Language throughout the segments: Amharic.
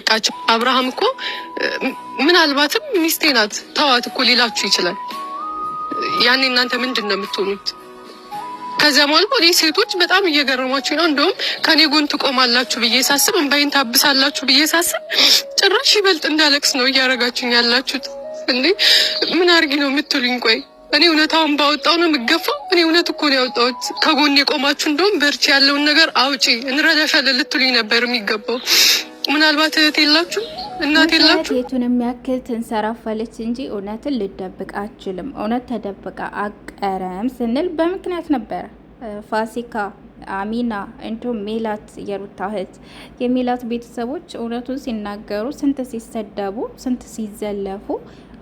በቃቸው። አብርሃም እኮ ምናልባትም ሚስቴ ናት ተዋት እኮ ሌላችሁ ይችላል። ያኔ እናንተ ምንድን ነው የምትሆኑት? ከዚያ አልፎ እኔ ሴቶች በጣም እየገረማችሁ ነው። እንደውም ከኔ ጎን ትቆማላችሁ ብዬ ሳስብ፣ እንባይን ታብሳላችሁ ብዬ ሳስብ፣ ጭራሽ ይበልጥ እንዳለቅስ ነው እያደረጋችሁኝ ያላችሁት። እንዴ ምን አርጊ ነው የምትሉኝ? ቆይ እኔ እውነታውን ባወጣው ነው የምገፋው። እኔ እውነት እኮ ነው ያወጣሁት። ከጎን የቆማችሁ እንደውም በርቺ፣ ያለውን ነገር አውጪ፣ እንረዳሻለን ልትሉኝ ነበር የሚገባው። ምናልባት እህት የላችሁ እናት የላችሁ የቱን የሚያክል ትንሰራፋለች እንጂ እውነትን ልደብቅ አችልም። እውነት ተደብቃ አቀረም ስንል በምክንያት ነበረ። ፋሲካ አሚና እንዲሁም ሜላት የሩታ እህት የሜላት ቤተሰቦች እውነቱን ሲናገሩ ስንት ሲሰደቡ ስንት ሲዘለፉ፣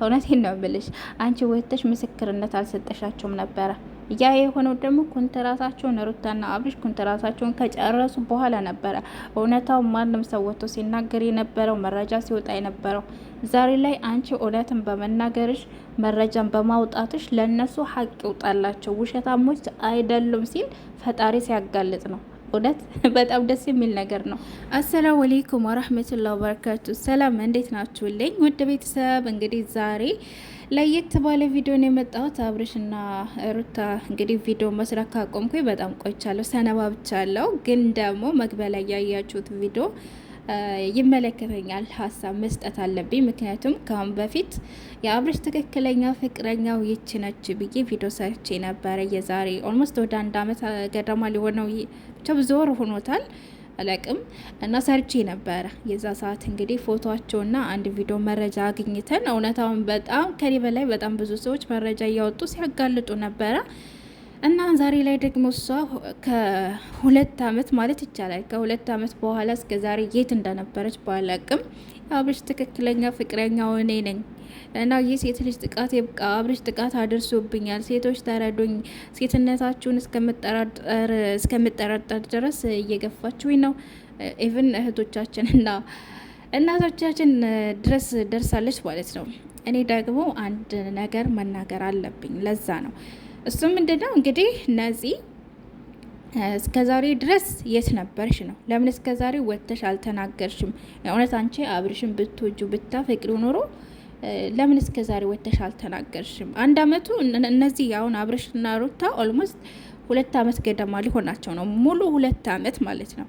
እውነት ነው ብልሽ አንቺ ወተሽ ምስክርነት አልሰጠሻቸውም ነበረ። ያ የሆነው ደግሞ ኮንትራታቸውን ሩታና አብሪሽ ኮንትራታቸውን ከጨረሱ በኋላ ነበረ። እውነታው ማንም ሰው ወጥቶ ሲናገር የነበረው መረጃ ሲወጣ የነበረው ዛሬ ላይ አንቺ እውነትን በመናገርሽ መረጃን በማውጣትሽ ለእነሱ ሀቅ ይውጣላቸው ውሸታሞች አይደሉም ሲል ፈጣሪ ሲያጋልጥ ነው። እውነት በጣም ደስ የሚል ነገር ነው። አሰላሙ አሌይኩም ወራህመቱላ ወበረካቱ። ሰላም እንዴት ናችሁልኝ? ውድ ቤተሰብ እንግዲህ ዛሬ ለየት ባለ ቪዲዮ ነው የመጣሁት። አብርሽና ሩታ እንግዲህ ቪዲዮ መስራት ካቆምኩኝ በጣም ቆይቻለሁ፣ ሰነባብቻለሁ። ግን ደግሞ መግቢያ ላይ ያያችሁት ቪዲዮ ይመለከተኛል ሀሳብ መስጠት አለብኝ። ምክንያቱም ከአሁን በፊት የአብርሽ ትክክለኛ ፍቅረኛው ይች ነች ብዬ ቪዲዮ ሰርቼ ነበረ። የዛሬ ኦልሞስት ወደ አንድ አመት ገደማ ሊሆነው ብቻ ብዙ ወር ሆኖታል አለቅም እና ሰርቼ ነበረ። የዛ ሰዓት እንግዲህ ፎቶቸውና አንድ ቪዲዮ መረጃ አግኝተን እውነታውን በጣም ከኔ በላይ በጣም ብዙ ሰዎች መረጃ እያወጡ ሲያጋልጡ ነበረ። እና ዛሬ ላይ ደግሞ እሷ ከሁለት አመት ማለት ይቻላል ከሁለት አመት በኋላ እስከ ዛሬ የት እንደነበረች ባላቅም አብርሽ ትክክለኛ ፍቅረኛው እኔ ነኝ እና ሴት ልጅ ጥቃት የብቃ አብርሽ ጥቃት አድርሶብኛል፣ ሴቶች ተረዱኝ፣ ሴትነታችሁን እስከምጠራጠር ድረስ እየገፋችሁኝ ነው። ኢቨን እህቶቻችን እና እናቶቻችን ድረስ ደርሳለች ማለት ነው። እኔ ደግሞ አንድ ነገር መናገር አለብኝ። ለዛ ነው እሱም ምንድነው እንግዲህ ነፂ እስከዛሬ ድረስ የት ነበርሽ ነው? ለምን እስከዛሬ ወጥተሽ አልተናገርሽም? እውነት አንቺ አብርሽን ብትወጁ ብታፈቅዱ ኖሮ ለምን እስከዛሬ ወጥተሽ አልተናገርሽም? አንድ አመቱ እነዚህ አሁን አብርሽና ሩታ ኦልሞስት ሁለት አመት ገደማ ሊሆናቸው ነው። ሙሉ ሁለት አመት ማለት ነው።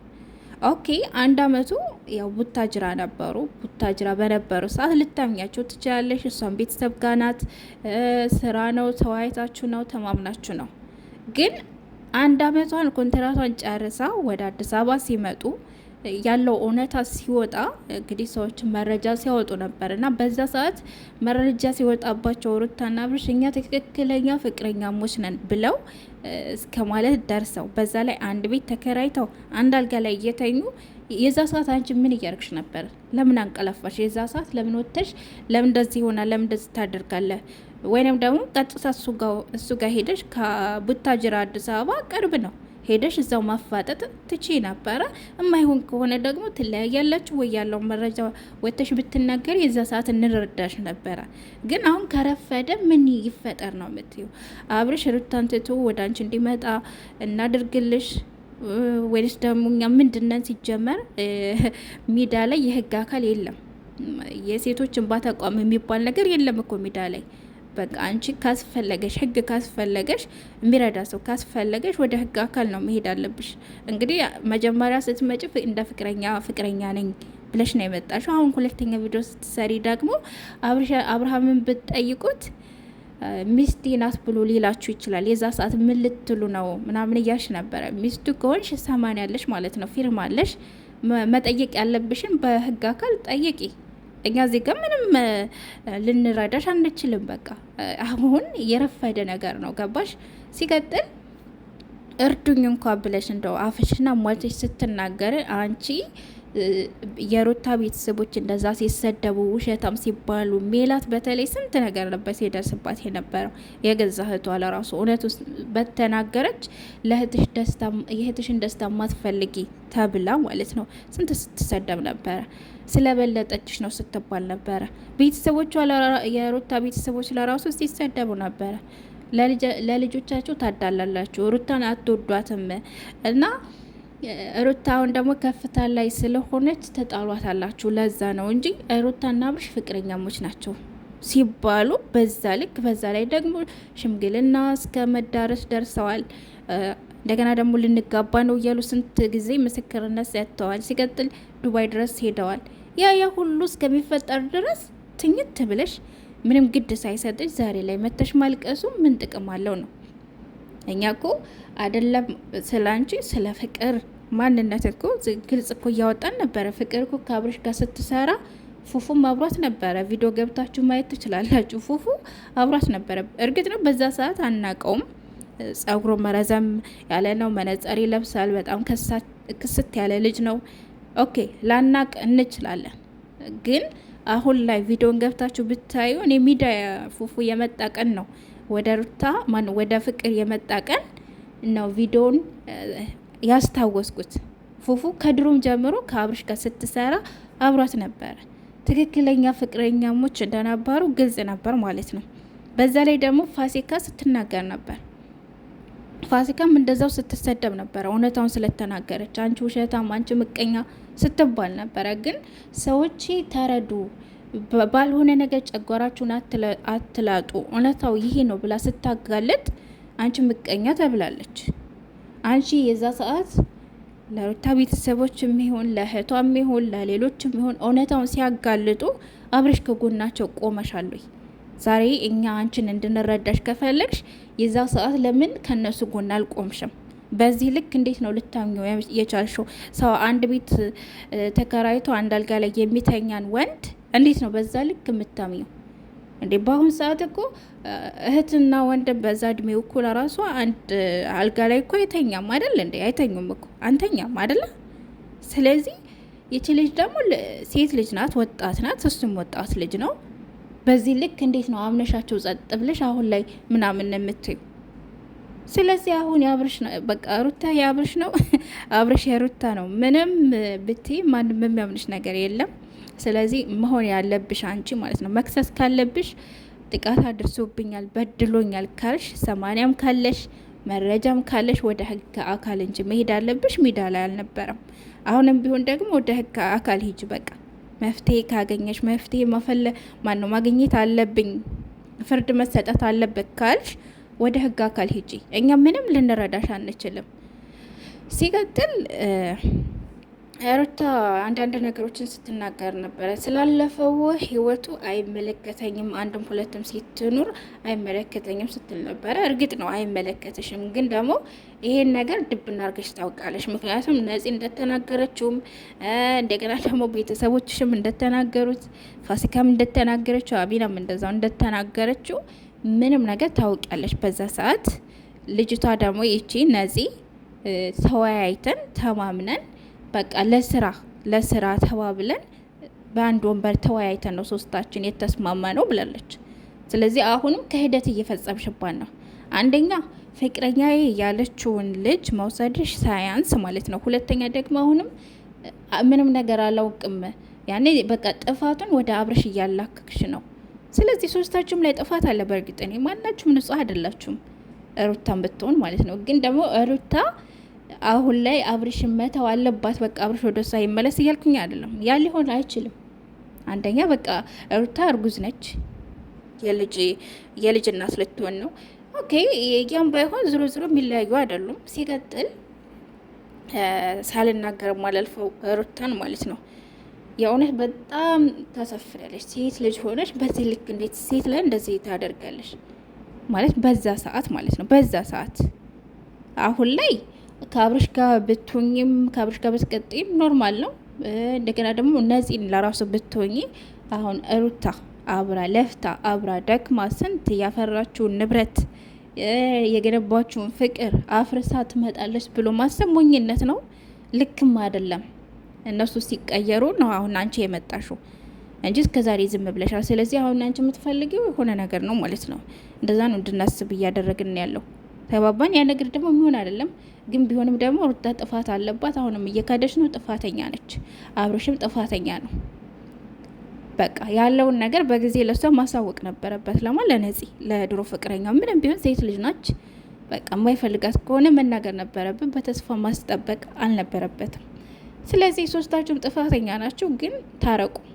ኦኬ አንድ አመቱ ያው ቡታጅራ ነበሩ። ቡታጅራ በነበሩ ሰዓት ልታምኛቸው ትችላለሽ። እሷን ቤተሰብ ጋናት ስራ ነው፣ ተወያይታችሁ ነው፣ ተማምናችሁ ነው። ግን አንድ አመቷን ኮንትራቷን ጨርሳ ወደ አዲስ አበባ ሲመጡ ያለው እውነታ ሲወጣ እንግዲህ ሰዎች መረጃ ሲያወጡ ነበር እና በዛ ሰዓት መረጃ ሲወጣባቸው ሩታና አብርሽ እኛ ትክክለኛ ፍቅረኛሞች ነን ብለው እስከ ማለት ደርሰው በዛ ላይ አንድ ቤት ተከራይተው አንድ አልጋ ላይ እየተኙ የዛ ሰዓት አንቺ ምን እያደረግሽ ነበር? ለምን አንቀላፋሽ? የዛ ሰዓት ለምን ወጥተሽ ለምን እንደዚህ ሆና ለምን እንደዚህ ታደርጋለህ? ወይንም ደግሞ ቀጥታ እሱ ጋር ሄደሽ ከቡታጅራ አዲስ አበባ ቅርብ ነው ሄደሽ እዛው ማፋጠጥ ትቺ ነበረ። እማይሆን ከሆነ ደግሞ ትለያያላችሁ ወይ ያለው መረጃ ወተሽ ብትናገር የዛ ሰዓት እንረዳሽ ነበረ። ግን አሁን ከረፈደ ምን ይፈጠር ነው የምትዩ? አብርሽ ሩታን ትቶ ወደ አንቺ እንዲመጣ እናድርግልሽ ወይስ ደግሞ እኛ ምንድነን? ሲጀመር ሜዳ ላይ የህግ አካል የለም። የሴቶች እንባ ተቋም የሚባል ነገር የለም እኮ ሜዳ ላይ በቃ አንቺ ካስፈለገሽ ህግ ካስፈለገሽ የሚረዳ ሰው ካስፈለገሽ ወደ ህግ አካል ነው መሄድ አለብሽ። እንግዲህ መጀመሪያ ስትመጭ እንደ ፍቅረኛ ፍቅረኛ ነኝ ብለሽ ነው የመጣሽው። አሁን ሁለተኛ ቪዲዮ ስትሰሪ ደግሞ አብርሃምን ብትጠይቁት ሚስቴ ናት ብሎ ሊላችሁ ይችላል። የዛ ሰዓት ምን ልትሉ ነው ምናምን እያልሽ ነበረ። ሚስቱ ከሆንሽ ሰማንያለሽ ማለት ነው። ፊርማለሽ። መጠየቅ ያለብሽን በህግ አካል ጠይቂ። እኛ እዚህ ጋር ምንም ልንረዳሽ አንችልም። በቃ አሁን የረፈደ ነገር ነው ገባሽ? ሲቀጥል እርዱኝ እንኳ ብለሽ እንደው አፍሽና ሟልተሽ ስትናገር አንቺ የሩታ ቤተሰቦች እንደዛ ሲሰደቡ ውሸታም ሲባሉ ሜላት በተለይ ስንት ነገር ነበር ሲደርስባት የነበረው። የገዛ እህቷ ለራሱ እውነት ውስጥ በተናገረች የእህትሽን ደስታ ማትፈልጊ ተብላ ማለት ነው ስንት ስትሰደብ ነበረ። ስለበለጠችሽ ነው ስትባል ነበረ። ቤተሰቦቿ የሩታ ቤተሰቦች ለራሱ ሲሰደቡ ነበረ። ለልጆቻችሁ ታዳላላችሁ፣ ሩታን አትወዷትም እና ሩታ አሁን ደግሞ ከፍታ ላይ ስለሆነች ተጣሏታላችሁ። ለዛ ነው እንጂ ሩታና አብርሽ ፍቅረኛሞች ናቸው ሲባሉ በዛ ልክ በዛ ላይ ደግሞ ሽምግልና እስከ መዳረስ ደርሰዋል። እንደገና ደግሞ ልንጋባ ነው እያሉ ስንት ጊዜ ምስክርነት ሰጥተዋል። ሲቀጥል ዱባይ ድረስ ሄደዋል። ያ ያ ሁሉ እስከሚፈጠር ድረስ ትኝት ብለሽ ምንም ግድ ሳይሰጥች ዛሬ ላይ መተሽ ማልቀሱ ምን ጥቅም አለው ነው እኛ እኮ አይደለም ስለ አንቺ ስለ ፍቅር ማንነት እኮ ግልጽ እኮ እያወጣን ነበረ። ፍቅር እኮ ከአብርሽ ጋር ስትሰራ ፉፉም አብሯት ነበረ። ቪዲዮ ገብታችሁ ማየት ትችላላችሁ። ፉፉ አብሯት ነበረ። እርግጥ ነው በዛ ሰዓት አናቀውም። ጸጉሮ መረዘም ያለ ነው። መነጸር ይለብሳል። በጣም ክስት ያለ ልጅ ነው። ኦኬ ላናቅ እንችላለን። ግን አሁን ላይ ቪዲዮን ገብታችሁ ብታዩ እኔ ሚዲያ ፉፉ የመጣ ቀን ነው ወደ ሩታ ማን ወደ ፍቅር የመጣ ቀን ነው ቪዲዮን ያስታወስኩት። ፉፉ ከድሮም ጀምሮ ከአብርሽ ጋር ስትሰራ አብሯት ነበረ። ትክክለኛ ፍቅረኛሞች እንደነበሩ ግልጽ ነበር ማለት ነው። በዛ ላይ ደግሞ ፋሲካ ስትናገር ነበር። ፋሲካም እንደዛው ስትሰደብ ነበረ፣ እውነታውን ስለተናገረች አንቺ ውሸታም፣ አንቺ ምቀኛ ስትባል ነበረ። ግን ሰዎች ተረዱ ባልሆነ ነገር ጨጓራችሁን አትላጡ፣ እውነታው ይሄ ነው ብላ ስታጋለጥ አንቺ ምቀኛ ተብላለች። አንቺ የዛ ሰዓት ለሩታ ቤተሰቦች የሚሆን ለእህቷ የሚሆን ለሌሎች የሚሆን እውነታውን ሲያጋልጡ አብረሽ ከጎናቸው ቆመሻለሁ። ዛሬ እኛ አንቺን እንድንረዳሽ ከፈለግሽ የዛ ሰዓት ለምን ከነሱ ጎን አልቆምሽም? በዚህ ልክ እንዴት ነው ልታምኘው የቻልሽው? ሰው አንድ ቤት ተከራይቶ አንድ አልጋ ላይ የሚተኛን ወንድ እንዴት ነው በዛ ልክ የምታምኘው እንዴ? በአሁን ሰዓት እኮ እህትና ወንድም በዛ እድሜ እኮ ራሷ አንድ አልጋ ላይ እኮ አይተኛም አይደል? እንዴ አይተኙም እኮ አንተኛም አይደለ? ስለዚህ ይቺ ልጅ ደግሞ ሴት ልጅ ናት፣ ወጣት ናት፣ እሱም ወጣት ልጅ ነው። በዚህ ልክ እንዴት ነው አምነሻቸው ጸጥ ብለሽ አሁን ላይ ምናምን የምትዩ? ስለዚህ አሁን የአብርሽ ነው በቃ ሩታ የአብርሽ ነው፣ አብርሽ የሩታ ነው። ምንም ብትይ ማንም የሚያምንሽ ነገር የለም። ስለዚህ መሆን ያለብሽ አንቺ ማለት ነው። መክሰስ ካለብሽ ጥቃት አድርሶብኛል በድሎኛል ካልሽ ሰማንያም ካለሽ መረጃም ካለሽ ወደ ህግ አካል እንጂ መሄድ አለብሽ። ሜዳ ላይ አልነበረም። አሁንም ቢሆን ደግሞ ወደ ህግ አካል ሂጅ። በቃ መፍትሄ ካገኘሽ መፍትሄ መፈለ ማነው ማግኘት አለብኝ ፍርድ መሰጠት አለበት ካልሽ ወደ ህግ አካል ሂጂ። እኛ ምንም ልንረዳሽ አንችልም። ሲቀጥል ሩታ አንዳንድ ነገሮችን ስትናገር ነበረ። ስላለፈው ህይወቱ አይመለከተኝም፣ አንድም ሁለትም ሲትኑር አይመለከተኝም ስትል ነበረ። እርግጥ ነው አይመለከተሽም፣ ግን ደግሞ ይሄን ነገር ድብና እናርገሽ ታውቃለሽ። ምክንያቱም ነፂ እንደተናገረችውም እንደገና ደግሞ ቤተሰቦችሽም እንደተናገሩት ፋሲካም እንደተናገረችው አቢናም እንደዛው እንደተናገረችው ምንም ነገር ታውቂያለሽ። በዛ ሰዓት ልጅቷ ደግሞ ይቺ ነፂ ተወያይተን ተማምነን በቃ ለስራ ለስራ ተባብለን በአንድ ወንበር ተወያይተን ነው ሶስታችን የተስማማ ነው ብላለች። ስለዚህ አሁንም ከሂደት እየፈጸምሽባን ነው። አንደኛ ፍቅረኛ ያለችውን ልጅ መውሰድሽ ሳያንስ ማለት ነው። ሁለተኛ ደግሞ አሁንም ምንም ነገር አላውቅም ያኔ በቃ ጥፋቱን ወደ አብርሽ እያላክክሽ ነው። ስለዚህ ሶስታችሁም ላይ ጥፋት አለ። በእርግጥ እኔ ማናችሁም ንጹህ አይደላችሁም፣ ሩታን ብትሆን ማለት ነው። ግን ደግሞ ሩታ አሁን ላይ አብርሽን መተው አለባት። በቃ አብርሽ ወደ እሷ ይመለስ እያልኩኝ አይደለም። ያ ሊሆን አይችልም። አንደኛ በቃ ሩታ እርጉዝ ነች፣ የልጅ እናት ልትሆን ነው። ኦኬ፣ ያም ባይሆን ዝሮ ዝሮ የሚለያዩ አይደሉም። ሲቀጥል ሳልናገር ማላልፈው ሩታን ማለት ነው የእውነት በጣም ታሳፍራለች። ሴት ልጅ ሆነች በዚህ ልክ እንዴት ሴት ላይ እንደዚህ ታደርጋለች? ማለት በዛ ሰዓት ማለት ነው በዛ ሰዓት አሁን ላይ ከአብረሽ ጋር ብትሆኝም ከአብረሽ ጋር ብትቀጥም ኖርማል ነው። እንደገና ደግሞ ነፂን ለራሱ ብትሆኝ አሁን ሩታ አብራ ለፍታ አብራ ደክማ ስንት ያፈራችውን ንብረት የገነባችውን ፍቅር አፍርሳ ትመጣለች ብሎ ማሰብ ሞኝነት ነው፣ ልክም አይደለም። እነሱ ሲቀየሩ ነው አሁን አንቺ የመጣሽው እንጂ እስከዛሬ ዝም ብለሻል። ስለዚህ አሁን አንቺ የምትፈልጊው የሆነ ነገር ነው ማለት ነው። እንደዛ ነው እንድናስብ እያደረግን ያለው። ተባባን። ያ ነገር ደግሞ የሚሆን አይደለም። ግን ቢሆንም ደግሞ ሩታ ጥፋት አለባት። አሁንም እየካደች ነው። ጥፋተኛ ነች። አብሮሽም ጥፋተኛ ነው። በቃ ያለውን ነገር በጊዜ ለሷ ማሳወቅ ነበረበት። ለማ ለነፂ ለድሮ ፍቅረኛ ምንም ቢሆን ሴት ልጅ ናች። በቃ የማይፈልጋት ከሆነ መናገር ነበረብን። በተስፋ ማስጠበቅ አልነበረበትም። ስለዚህ ሶስታችሁም ጥፋተኛ ናችሁ፣ ግን ታረቁ።